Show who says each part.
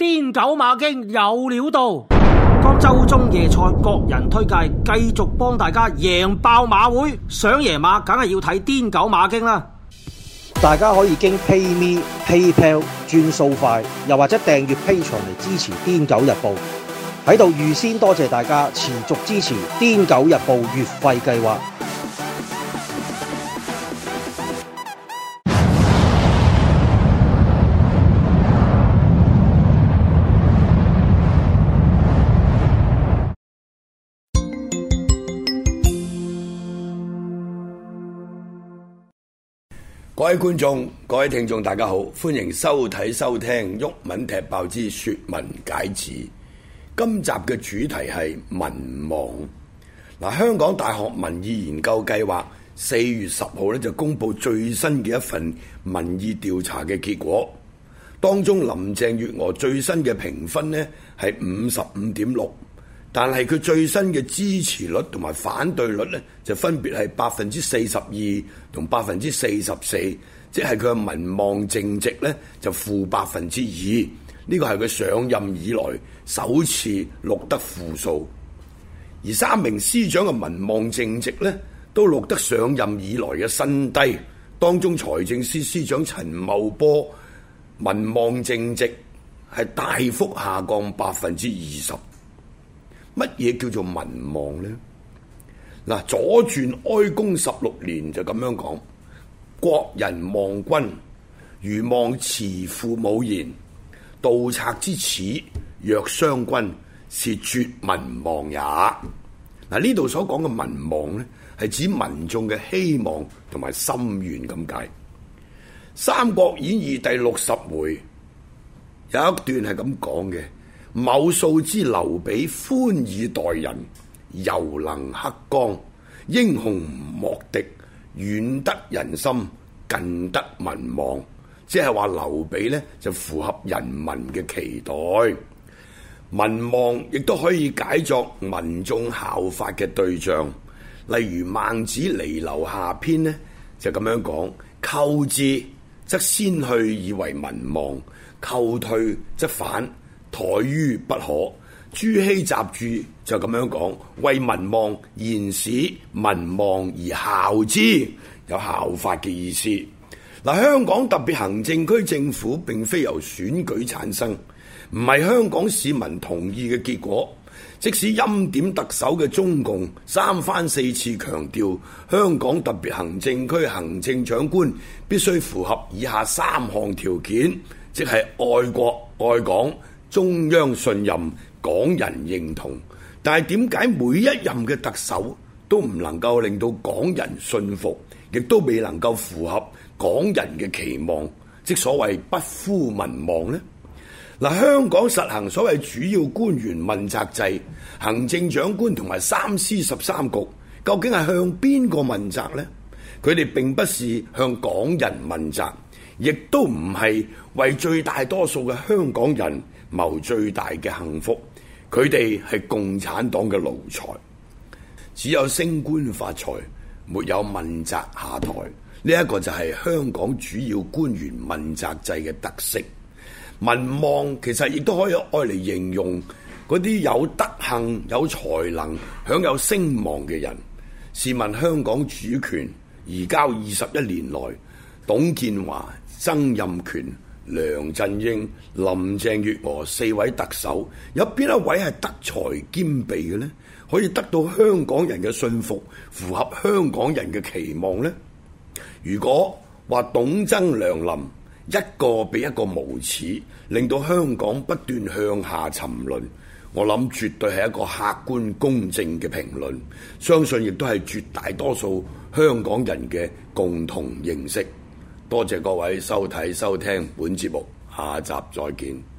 Speaker 1: 癲狗馬經有料到，當周中夜賽各人推介，繼續幫大家贏爆馬會。想贏馬梗係要睇癲狗馬經啦。大家可以經 PayMe PayPal 轉數快，又或者訂閱 Patreon 嚟支持癲狗日報。喺度預先多謝大家持續支持癲狗日報月費計劃。各位觀眾、各位聽眾，大家好，歡迎收睇、收聽《毓民踢爆之說文解字》。今集嘅主題係民望。嗱，香港大學民意研究計劃四月十號咧就公布最新嘅一份民意調查嘅結果，當中林鄭月娥最新嘅評分呢係五十五點六。但係佢最新嘅支持率同埋反對率呢，就分別係百分之四十二同百分之四十四，即係佢嘅民望淨值呢，就負百分之二，呢、這個係佢上任以來首次錄得負數。而三名司長嘅民望淨值呢，都錄得上任以來嘅新低，當中財政司司長陳茂波民望淨值係大幅下降百分之二十。乜嘢叫做民望呢？嗱，左傳哀公十六年就咁樣講：國人望君如望慈父母焉，盜賊之矢，若傷君，是絕民望也。嗱，呢度所講嘅民望呢，係指民眾嘅希望同埋心願咁解。三國演義第六十回有一段係咁講嘅。某數之劉備，寬以待人，柔能克剛，英雄莫敵，遠得人心，近得民望。即係話劉備呢，就符合人民嘅期待，民望亦都可以解作民眾效法嘅對象。例如《孟子離婁下篇》呢，就咁樣講：寇至則先去以為民望，寇退則反。台於不可，《朱熹集注》就咁樣講：為民望言使，民望而效之，有效法嘅意思。嗱，香港特別行政區政府並非由選舉產生，唔係香港市民同意嘅結果。即使欽點特首嘅中共三番四次強調，香港特別行政區行政長官必須符合以下三項條件，即係愛國愛港。中央信任港人認同，但係點解每一任嘅特首都唔能夠令到港人信服，亦都未能夠符合港人嘅期望，即所謂不負民望呢？嗱，香港實行所謂主要官員問責制，行政長官同埋三司十三局，究竟係向邊個問責呢？佢哋並不是向港人問責，亦都唔係為最大多數嘅香港人，謀最大嘅幸福，佢哋係共產黨嘅奴才，只有升官發財，沒有問責下台。呢一個就係香港主要官員問責制嘅特色。民望其實亦都可以用嚟形容嗰啲有德行、有才能、享有聲望嘅人。試問香港主權移交二十一年來，董建華、曾蔭權。梁振英、林鄭月娥四位特首，有邊一位係德才兼備嘅呢？可以得到香港人嘅信服，符合香港人嘅期望呢？如果話董、曾、梁、林一個比一個無恥，令到香港不斷向下沉淪，我諗絕對係一個客觀公正嘅評論，相信亦都係絕大多數香港人嘅共同認識。多謝各位收睇收聽本節目，下集再見。